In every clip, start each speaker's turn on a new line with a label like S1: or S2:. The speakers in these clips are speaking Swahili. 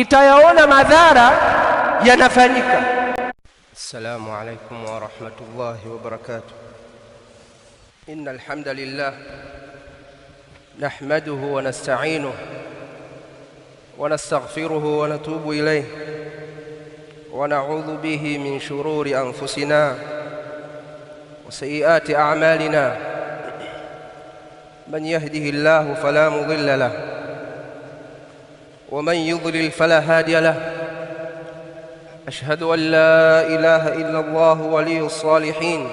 S1: itayaona madhara yanafanyika.
S2: Assalamu alaykum wa rahmatullahi wa barakatuh. Innal hamdalillah nahmaduhu wa nasta'inuhu wa nastaghfiruhu wa natubu ilayhi wa na'udhu bihi min shururi anfusina wa sayyiati a'malina. Man yahdihi Allahu fala mudilla lahu ومن يضلل فلا هادي له اشهد ان لا اله الا الله ولي الصالحين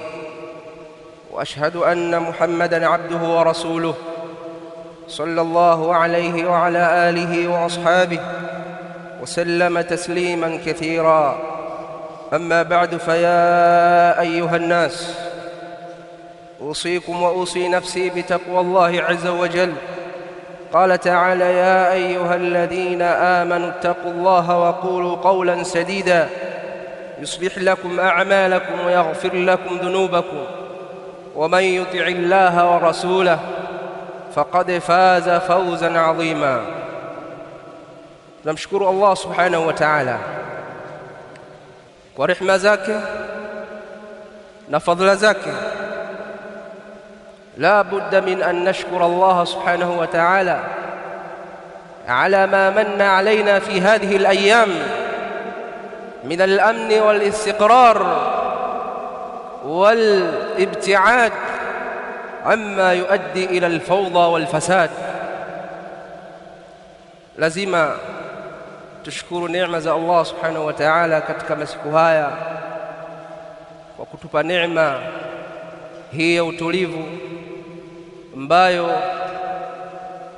S2: واشهد ان محمدا عبده ورسوله صلى الله عليه وعلى اله واصحابه وسلم تسليما كثيرا اما بعد فيا ايها الناس اوصيكم واوصي نفسي بتقوى الله عز وجل قال تعالى يا أيها الذين آمنوا اتقوا الله وقولوا قولا سديدا يصلح لكم أعمالكم ويغفر لكم ذنوبكم ومن يطع الله ورسوله فقد فاز فوزا عظيما نشكر الله سبحانه وتعالى ورحمه kwa نفضل zake لا بد من أن نشكر الله سبحانه وتعالى على ما من علينا في هذه الأيام من الأمن والاستقرار والابتعاد عما يؤدي إلى الفوضى والفساد لزم تشكر نعمة الله سبحانه وتعالى wa ta'ala وكتب نعمة هي kwa ambayo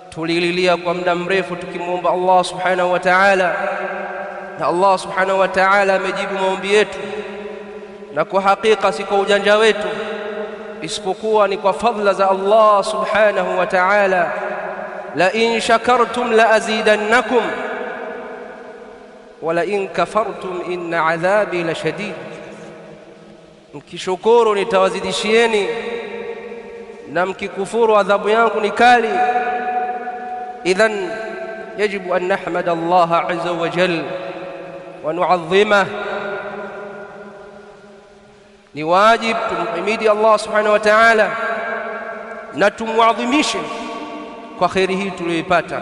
S2: tulililia kwa muda mrefu tukimuomba Allah subhanahu wa ta'ala, na Allah subhanahu wa ta'ala amejibu maombi yetu, na kwa hakika si kwa ujanja wetu, isipokuwa ni kwa fadhila za Allah subhanahu wa ta'ala. La in shakartum la azidannakum wala in kafartum inna adhabi la shadid, mkishukuru nitawazidishieni na mkikufuru adhabu yangu ni kali idhan yajibu an nahmad Allah azza wa jal wa nu'azzima ni wajib tumhimidi Allah subhanahu wa ta'ala na tumwadhimishe kwa khairi hii tuliyopata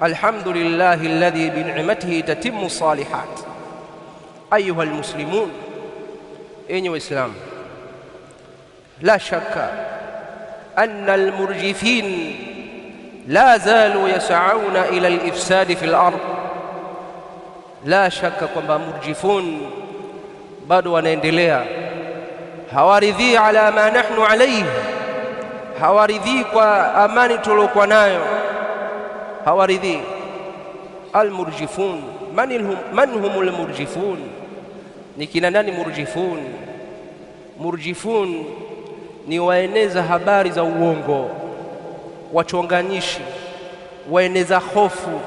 S2: alhamdulillah alladhi bi ni'matihi tatimmu salihat ayuha almuslimun enyi waislamu la shakka أن المرجفين لا زالوا يسعون إلى الإفساد في الأرض لا شك أن المرجفون مرجفون بدو ونندليا هوارذي على ما نحن عليه هوارذي وأمان تلوك ونايو هوارذي المرجفون من, من هم المرجفون نكنا نان مرجفون مرجفون ni waeneza habari za uongo, wachonganyishi, waeneza hofu,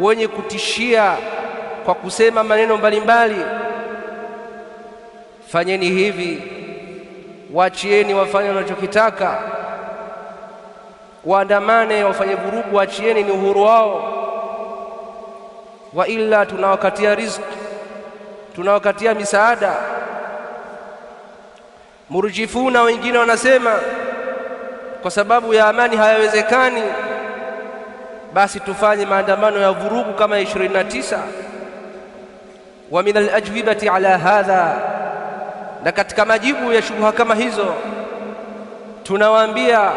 S2: wenye kutishia kwa kusema maneno mbalimbali. Fanyeni hivi, waachieni wafanye wanachokitaka, waandamane, wafanye vurugu, waachieni, ni uhuru wao. Wa ila tunawakatia riziki, tunawakatia misaada Murjifuna wengine wanasema kwa sababu ya amani hayawezekani, basi tufanye maandamano ya vurugu kama na 29. Wa min alajwibati ala hadha, na katika majibu ya shubuha kama hizo tunawaambia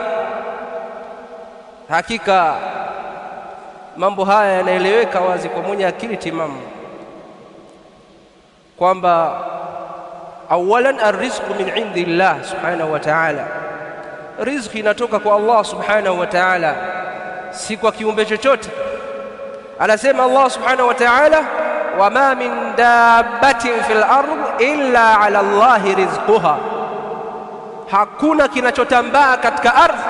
S2: hakika mambo haya yanaeleweka wazi kwa mwenye akili timamu kwamba Awalan, arrizqu min indi llah subhanahu wa taala, riziki inatoka kwa Allah subhanahu wa taala, si kwa kiumbe chochote. Anasema Allah subhanahu wa taala, wama min dabbatin fil ard illa ala llahi rizquha, hakuna kinachotambaa katika ardhi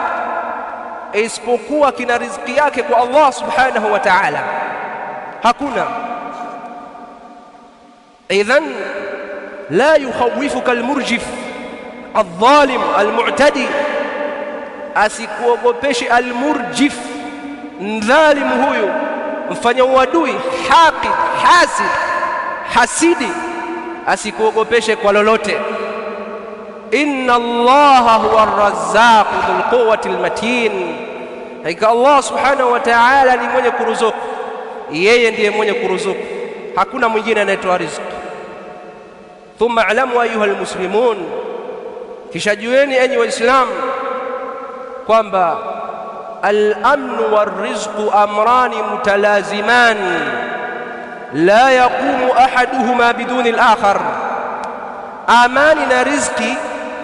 S2: isipokuwa kina riziki yake kwa Allah subhanahu wa taala, hakuna idhan la yukhawifuka almurjif aldhalim almu'tadi, asikuogopeshe almurjif, mdhalimu huyu, mfanya uadui, haqid, hasid, hasidi, asikuogopeshe kwa lolote. Inna Allaha huwa arrazzaq dhul quwwati almatin, hakika Allah subhanahu wa ta'ala ni mwenye kuruzuku, yeye ndiye mwenye kuruzuku, hakuna mwingine anayetoa riziki. Thumma alamu ayuha lmuslimun, kisha jueni enyi Waislamu kwamba alamnu walrizqu amrani mutalazimani la yaqumu ahaduhuma biduni al-akhar amani na rizqi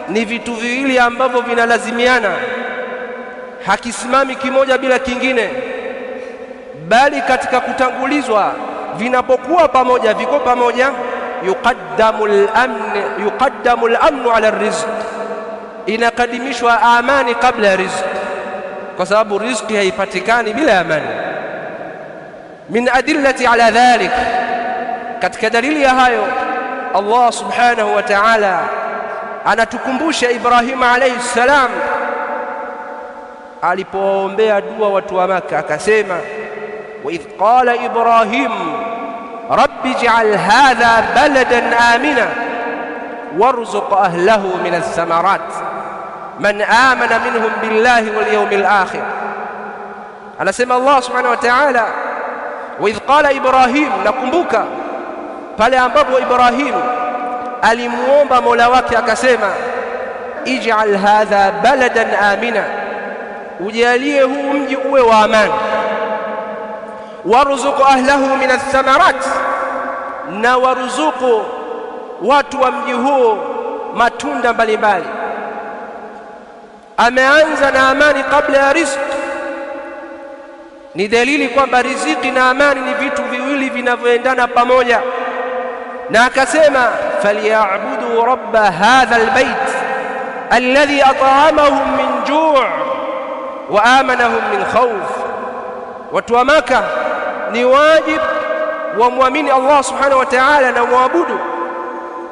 S2: ni vitu viwili ambavyo vinalazimiana, hakisimami kimoja bila kingine, bali katika kutangulizwa vinapokuwa pamoja viko pamoja يقدم الأمن يقدم الأمن على الرزق إن قدمش امان قبل رزق كسب الرزق هي فتكان بلا أمان من أدلة على ذلك قد كدليل يا هايو الله سبحانه وتعالى أنا تكمبوش إبراهيم عليه السلام علي بومبيا دوا وتوماك أكسيما وإذ قال إبراهيم رب اجعل هذا بلدا آمنا وارزق أهله من الثمرات من آمن منهم بالله واليوم الآخر على سيما الله سبحانه وتعالى وإذ قال إبراهيم نقمبك فلي أنباب إبراهيم الي ألموب مولاك يا كسيما اجعل هذا بلدا آمنا وجاليه أمي أوي وامان وارزق أهله من الثمرات na waruzuku watu wa mji huo matunda mbalimbali. Ameanza na amani kabla ya riziki, ni dalili kwamba riziki na amani ni vitu viwili vinavyoendana pamoja. Na akasema falyabudu rabba hadha albayt alladhi at'amahum min ju' wa amanahum min khawf. Watu wa Maka ni wajibu wamwamini Allah subhanahu wa ta'ala na waabudu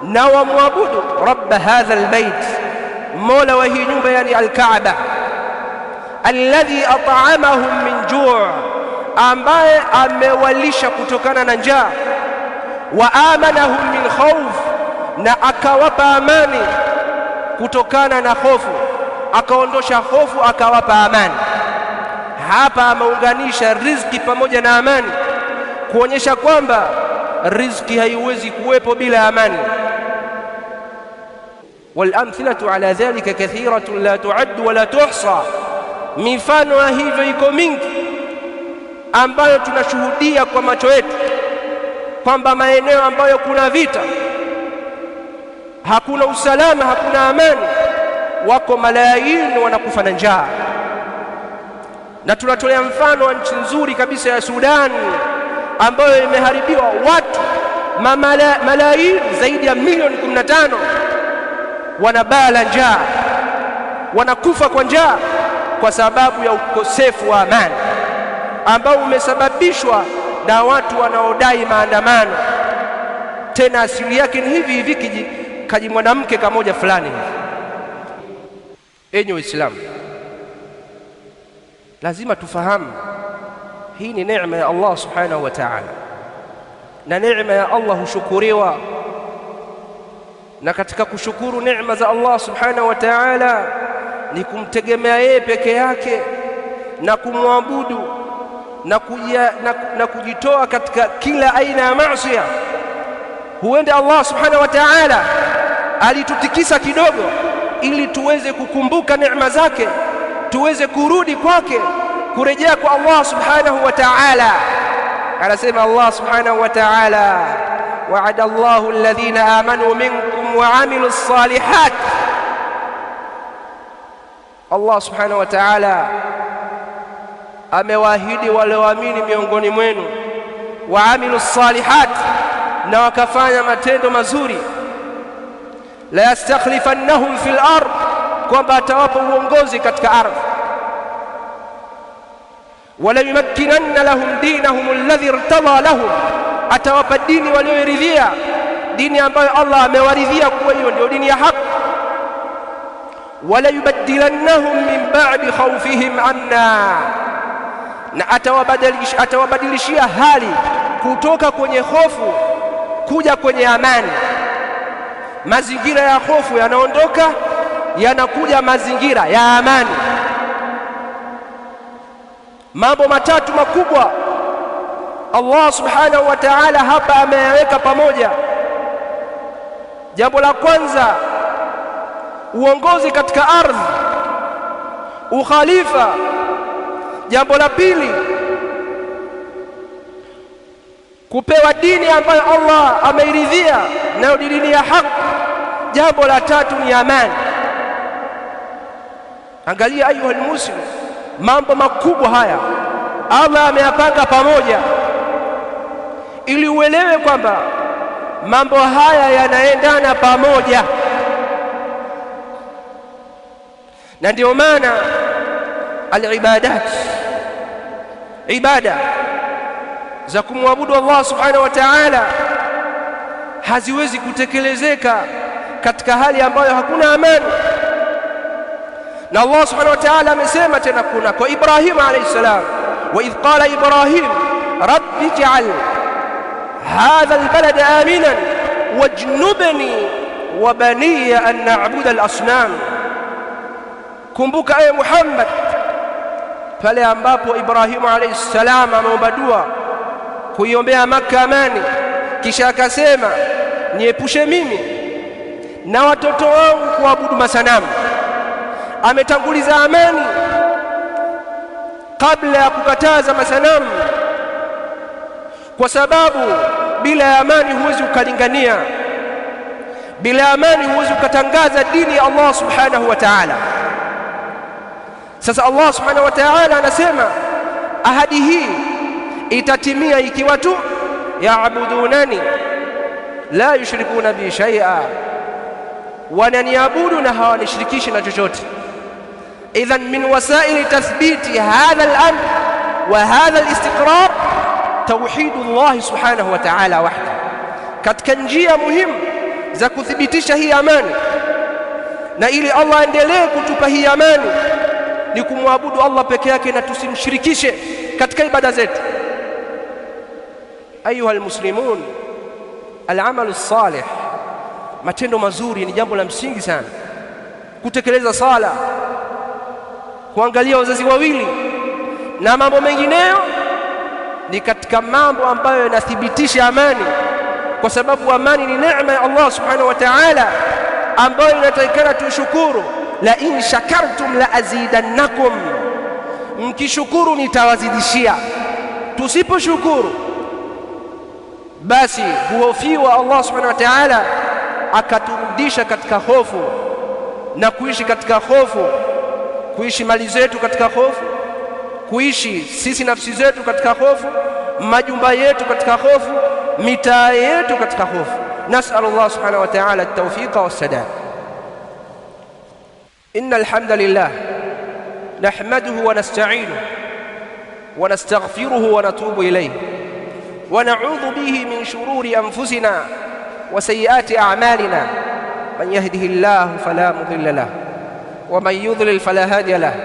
S2: na wamwabudu rabba hadha albayt, mola wa hii nyumba, yani alkaaba, alladhi at'amahum min ju', ambaye amewalisha kutokana na njaa, wa amanahum min khawf, na akawapa amani kutokana na hofu, akaondosha hofu akawapa amani. Hapa ameunganisha riziki pamoja na amani kuonyesha kwamba riziki haiwezi kuwepo bila amani. Walamthilatu ala dhalika kathiratun la tuaddu wala tuhsa, mifano ya hivyo iko mingi ambayo tunashuhudia kwa macho yetu kwamba maeneo ambayo kuna vita, hakuna usalama, hakuna amani, wako malayini wanakufa na njaa, na tunatolea mfano wa nchi nzuri kabisa ya Sudani ambayo imeharibiwa watu malaini zaidi ya milioni 15, wanabala la njaa, wanakufa kwa njaa kwa sababu ya ukosefu wa amani ambao umesababishwa na watu wanaodai maandamano. Tena asili yake ni hivi hivi kiji kaji mwanamke kamoja fulani hivi. Enyi Waislamu, lazima tufahamu hii ni neema ya Allah subhanahu wa ta'ala, na neema ya Allah hushukuriwa. Na katika kushukuru neema za Allah subhanahu wa ta'ala ni kumtegemea yeye peke yake na kumwabudu na, na, na kujitoa katika kila aina ya maasi. Huenda Allah subhanahu wa ta'ala alitutikisa kidogo, ili tuweze kukumbuka neema zake, tuweze kurudi kwake kurejea kwa Allah subhanahu wa ta'ala. Anasema Allah subhanahu wa ta'ala, wa'ada Allahu alladhina amanu minkum wa amilu salihat. Allah subhanahu wa ta'ala amewaahidi walioamini miongoni mwenu, wa amilu salihat, na wakafanya matendo mazuri. La yastakhlifannahum fil ardh, kwamba atawapa uongozi katika ardhi walayumakkinanna lahum dinahum alladhi irtadha lahum, atawapa dini walioiridhia, dini ambayo Allah amewaridhia kuwa hiyo ndio dini ya haki. Walayubaddilannahum min ba'di khawfihim amna, na atawabadilishia atawabadilish hali kutoka kwenye hofu kuja kwenye amani. Mazingira ya hofu yanaondoka, yanakuja mazingira ya amani. Mambo matatu makubwa Allah subhanahu wa ta'ala hapa ameyaweka pamoja. Jambo la kwanza, uongozi katika ardhi, ukhalifa. Jambo la pili, kupewa dini ambayo Allah ameiridhia, nayo dini ya haki. Jambo la tatu ni amani. Angalia ayuha almuslim Mambo makubwa haya Allah ameyapanga pamoja, ili uelewe kwamba mambo haya yanaendana pamoja, na ndio maana alibadat, ibada za kumwabudu Allah subhanahu wa ta'ala haziwezi kutekelezeka katika hali ambayo hakuna amani. na Allah subhanahu wa ta'ala amesema tena kuna kwa Ibrahim alayhi salam, wa idh qala Ibrahim rabbi ij'al hadha albalad amina wajnubni wa baniya an na'budu al-asnam. Kumbuka ewe Muhammad, pale ambapo Ibrahim alayhi salam ameomba dua kuiombea Makkah amani, kisha akasema niepushe mimi na watoto wangu kuabudu masanamu. ametanguliza amani kabla ya kukataza masanamu, kwa sababu bila ya amani huwezi ukalingania, bila ya amani huwezi ukatangaza dini ya Allah subhanahu wa ta'ala. Sasa Allah subhanahu wa ta'ala anasema ahadi hii itatimia ikiwa tu yaabudunani la yushrikuna bi shay'a, wananiabudu na hawanishirikishi na chochote idhan min wasaili tathbiti hadha al-amr wa hadha al-istiqrar tauhidu llahi subhanahu wa ta'ala wahda, katika njia muhimu za kuthibitisha hii amani na ili Allah aendelee kutupa hii amani ni kumwabudu Allah peke yake na tusimshirikishe katika ibada zetu. Ayuha almuslimun, alamalu salih, matendo mazuri ni jambo la msingi sana. Kutekeleza sala, kuangalia wazazi wawili na mambo mengineyo, ni katika mambo ambayo yanathibitisha amani, kwa sababu amani ni neema ya Allah subhanahu wa ta'ala ambayo inatakikana tushukuru. La in shakartum la azidannakum, mkishukuru nitawazidishia. Tusiposhukuru basi huofiwa Allah subhanahu wa ta'ala, akaturudisha katika hofu na kuishi katika hofu kuishi mali zetu katika hofu, kuishi sisi nafsi zetu katika hofu, majumba yetu katika hofu, mitaa yetu katika hofu. Nasalu subhanahu wa taala at altaufiqa wassadad. Inna alhamda lillah nahmaduhu wa nasta'inu wa nastaghfiruhu wa natubu ilayhi wa na'udhu bihi min shururi anfusina wa sayyiati a'malina man yahdihillahu fala mudilla lahu ومن يضلل فلا هادي له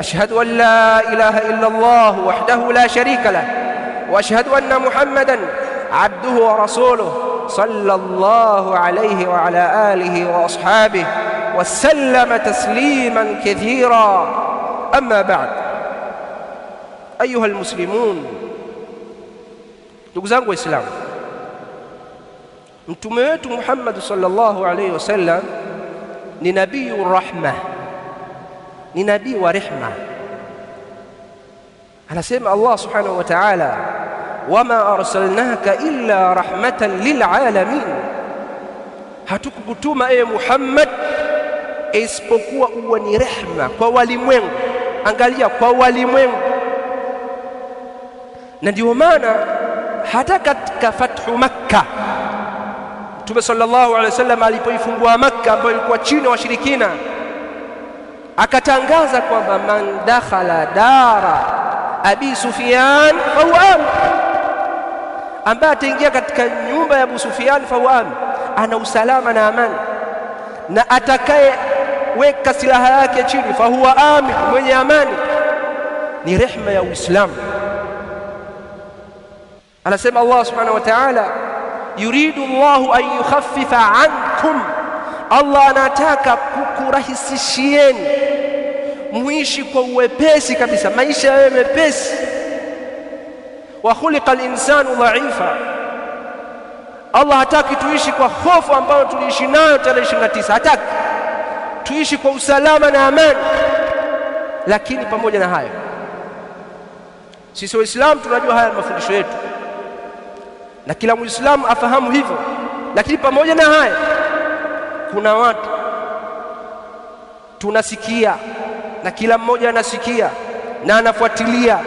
S2: أشهد أن لا إله إلا الله وحده لا شريك له وأشهد أن محمدا عبده ورسوله صلى الله عليه وعلى آله وأصحابه وسلم تسليما كثيرا أما بعد أيها المسلمون ndugu اسلام أنتم محمد صلى الله عليه وسلم ni nabiyu rahma, ni nabii wa rehma. Anasema Allah subhanahu wa ta'ala, wama arsalnaka illa rahmatan lilalamin, hatukukutuma ewe Muhammad isipokuwa uwe ni rehma kwa walimwengu. Angalia, kwa walimwengu. Na ndio maana hata katika fathu makkah Mtume sallallahu alaihi wasallam alipoifungua Makka ambayo ilikuwa chini ya washirikina, akatangaza kwamba man dakhala dara abi Sufyan fahuwa amin, ambaye ataingia katika nyumba ya Abu Sufyan fahuwa amin, ana usalama na amani, na atakayeweka silaha yake chini fahuwa amin, mwenye amani, ni rehma ya Uislamu. Anasema Allah subhanahu wa ta'ala yuridu llahu an yukhaffifa ankum, Allah anataka kukurahisishieni muishi kwa uwepesi kabisa, maisha yawe mepesi. Wa khuliqa linsanu dhaifa, Allah hataki tuishi kwa hofu ambayo tuliishi nayo tarehe 29, hataki tuishi kwa usalama na amani. Lakini pamoja na hayo, sisi Waislamu tunajua haya mafundisho yetu na kila Muislamu afahamu hivyo. Lakini pamoja na haya, kuna watu tunasikia na kila mmoja anasikia na anafuatilia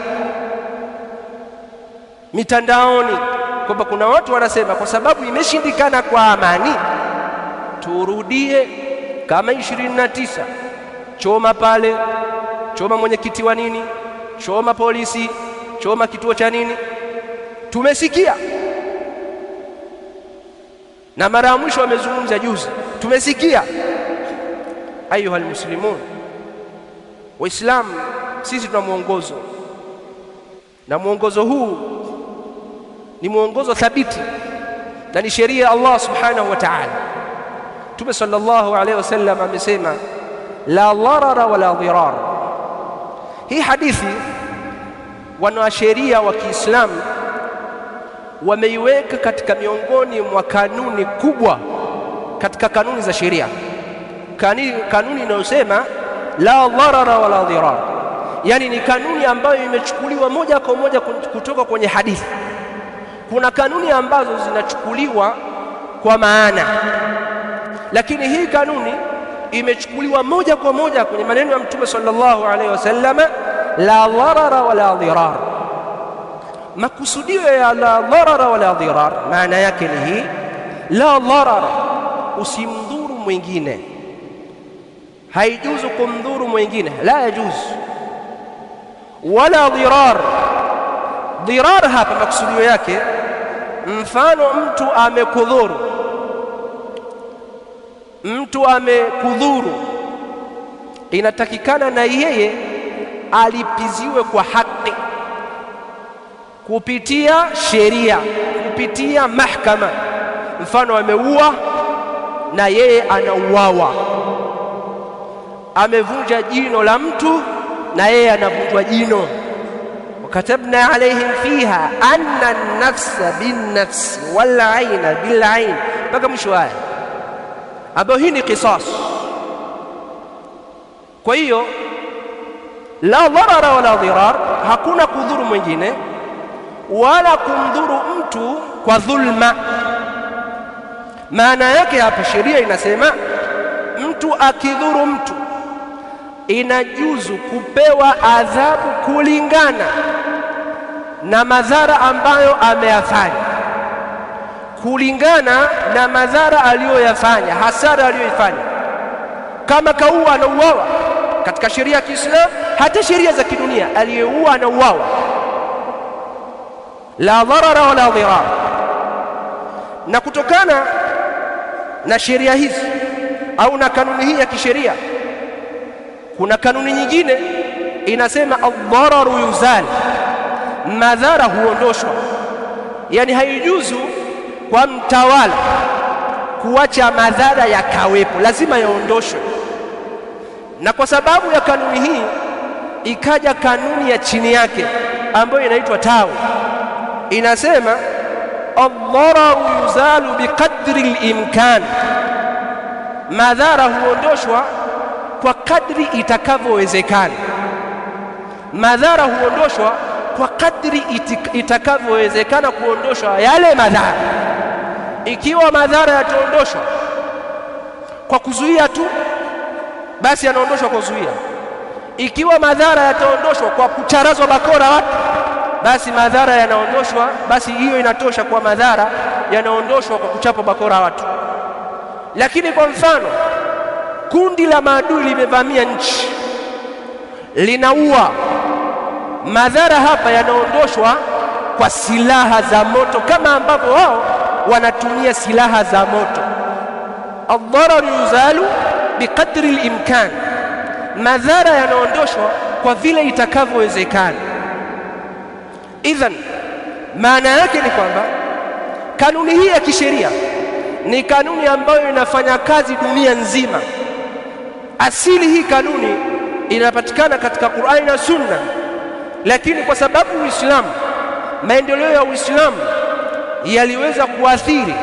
S2: mitandaoni kwamba kuna watu wanasema kwa sababu imeshindikana kwa amani, turudie kama ishirini na tisa, choma pale, choma mwenyekiti wa nini, choma polisi, choma kituo cha nini. Tumesikia na mara ya mwisho amezungumza juzi, tumesikia ayuha muslimun, Waislamu sisi tuna mwongozo, na mwongozo huu ni mwongozo thabiti na ni sheria ya Allah subhanahu wa ta'ala. Mtume sallallahu alaihi wasallam amesema la dharara wala dhirar. Hii hadithi wana sheria wa Kiislamu wameiweka katika miongoni mwa kanuni kubwa katika kanuni za sheria, kanuni inayosema la dharara wala dhirar, yani ni kanuni ambayo imechukuliwa moja kwa moja kutoka kwenye hadithi. Kuna kanuni ambazo zinachukuliwa kwa maana, lakini hii kanuni imechukuliwa moja kwa moja kwenye maneno ya Mtume sallallahu alaihi wasallam, la dharara wala dhirar makusudio ya la dharara wala dhirar, maana yake ni hii: la dharara, usimdhuru mwingine, haijuzu kumdhuru mwingine, la yajuzu. Wala dhirar, dhirar hapa makusudio yake, mfano mtu amekudhuru, mtu amekudhuru, inatakikana na yeye alipiziwe kwa haki kupitia sheria, kupitia mahakama. Mfano, ameua na yeye anauawa, amevunja jino la mtu na yeye anavunjwa jino. Wakatabna alaihim fiha anna nafsa binnafsi wal aina bil mpaka mwisho aya, ambayo hii ni qisas. Kwa hiyo la dharara wala dhirar, hakuna kudhuru mwingine wala kumdhuru mtu kwa dhulma. Maana yake hapa sheria inasema mtu akidhuru mtu inajuzu kupewa adhabu kulingana na madhara ambayo ameyafanya, kulingana na madhara aliyoyafanya, hasara aliyoifanya. Kama kaua anauawa katika sheria ya Kiislamu, hata sheria za kidunia, aliyeua anauawa la dharara wala dhirar. Na kutokana na sheria hizi au na kanuni hii ya kisheria, kuna kanuni nyingine inasema aldhararu yuzal, madhara huondoshwa. Yani haijuzu kwa mtawala kuacha madhara yakawepo, lazima yaondoshwe. Na kwa sababu ya kanuni hii ikaja kanuni ya chini yake ambayo inaitwa tawi inasema aldhararu yuzalu biqadri limkani, madhara huondoshwa kwa kadri itakavyowezekana. Madhara huondoshwa kwa kadri itakavyowezekana kuondoshwa yale madhara. Ikiwa madhara yataondoshwa kwa kuzuia tu, basi yanaondoshwa kwa kuzuia. Ikiwa madhara yataondoshwa kwa kucharazwa bakora watu basi madhara yanaondoshwa, basi hiyo inatosha kwa madhara yanaondoshwa kwa kuchapa bakora watu. Lakini kwa mfano, kundi la maadui limevamia nchi, linaua, madhara hapa yanaondoshwa kwa silaha za moto, kama ambavyo wao wanatumia silaha za moto. Adharar yuzalu biqadri limkan, madhara yanaondoshwa kwa vile itakavyowezekana. Idhan, maana yake ni kwamba kanuni hii ya kisheria ni kanuni ambayo inafanya kazi dunia nzima. Asili hii kanuni inapatikana katika Qur'ani na Sunna, lakini kwa sababu Uislamu, maendeleo ya Uislamu yaliweza kuathiri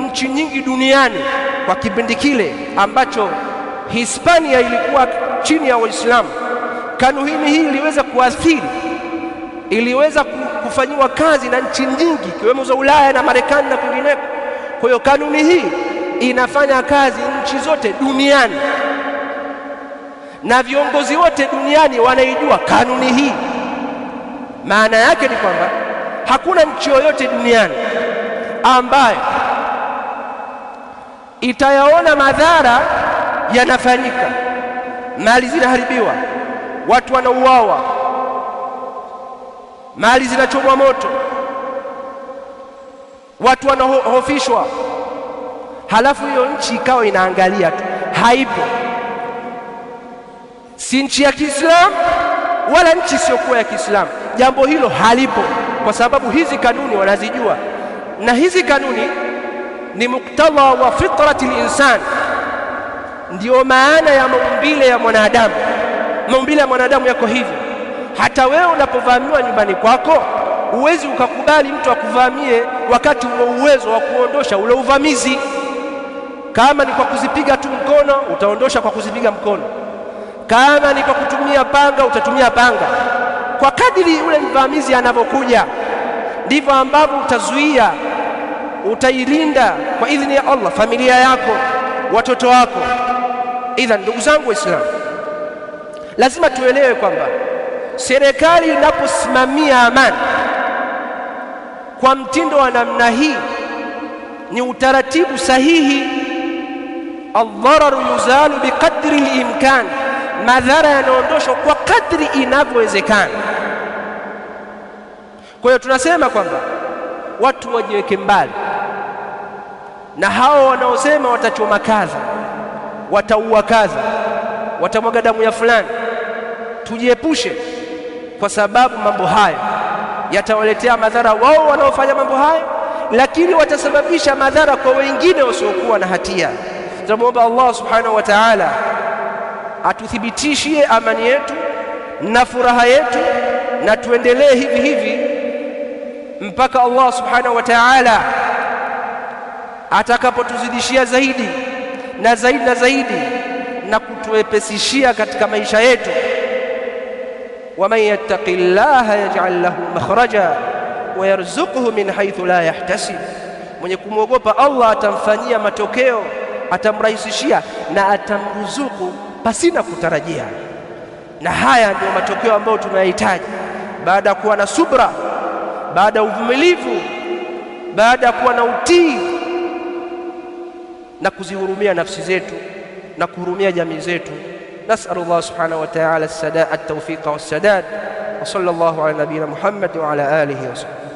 S2: nchi nyingi duniani kwa kipindi kile ambacho Hispania ilikuwa chini ya Waislamu, kanuni hii iliweza kuathiri iliweza kufanyiwa kazi na nchi nyingi ikiwemo za Ulaya na Marekani na kwingineko. Kwa hiyo kanuni hii inafanya kazi nchi zote duniani na viongozi wote duniani wanaijua kanuni hii. Maana yake ni kwamba hakuna nchi yoyote duniani ambayo itayaona madhara yanafanyika, mali zinaharibiwa, watu wanauawa mali zinachomwa moto, watu wanahofishwa, halafu hiyo nchi ikawa inaangalia tu, haipo. Si nchi ya Kiislamu wala nchi isiyokuwa ya Kiislamu, jambo hilo halipo, kwa sababu hizi kanuni wanazijua, na hizi kanuni ni muktadha wa fitrati linsani, ndiyo maana ya maumbile ya mwanadamu. Maumbile ya mwanadamu yako hivyo hata wewe unapovamiwa nyumbani kwako, huwezi ukakubali mtu akuvamie wakati una uwezo wa kuondosha ule uvamizi. Kama ni kwa kuzipiga tu mkono, utaondosha kwa kuzipiga mkono. Kama ni kwa kutumia panga, utatumia panga. Kwa kadiri ule mvamizi anavyokuja, ndivyo ambavyo utazuia, utailinda kwa idhini ya Allah familia yako, watoto wako. Idhan, ndugu zangu Waislamu, lazima tuelewe kwamba Serikali inaposimamia amani kwa mtindo wa namna hii, ni utaratibu sahihi. Aldhararu yuzalu biqadri limkani, madhara yanaondoshwa kwa kadri inavyowezekana. Kwa hiyo tunasema kwamba watu wajiweke mbali na hao wanaosema watachoma kadha, wataua kadha, watamwaga damu ya fulani, tujiepushe kwa sababu mambo hayo yatawaletea madhara wao wanaofanya mambo hayo, lakini watasababisha madhara kwa wengine wasiokuwa na hatia. Tunamwomba Allah subhanahu wa ta'ala atuthibitishie amani yetu na furaha yetu, na tuendelee hivi hivi mpaka Allah subhanahu wa ta'ala atakapotuzidishia zaidi na zaidi na zaidi na kutuepesishia katika maisha yetu waman yattaqi llaha yaj'al lahu makhraja wa yarzuqhu min haythu la yahtasib, mwenye kumwogopa Allah atamfanyia matokeo, atamrahisishia na atamruzuku pasina kutarajia. Na haya ndio matokeo ambayo tunayahitaji baada ya kuwa na subra, baada ya uvumilivu, baada ya kuwa na utii na kuzihurumia nafsi zetu na kuhurumia jamii zetu. نسأل الله سبحانه وتعالى السداء التوفيق والسداد وصلى الله على نبينا محمد وعلى آله وصحبه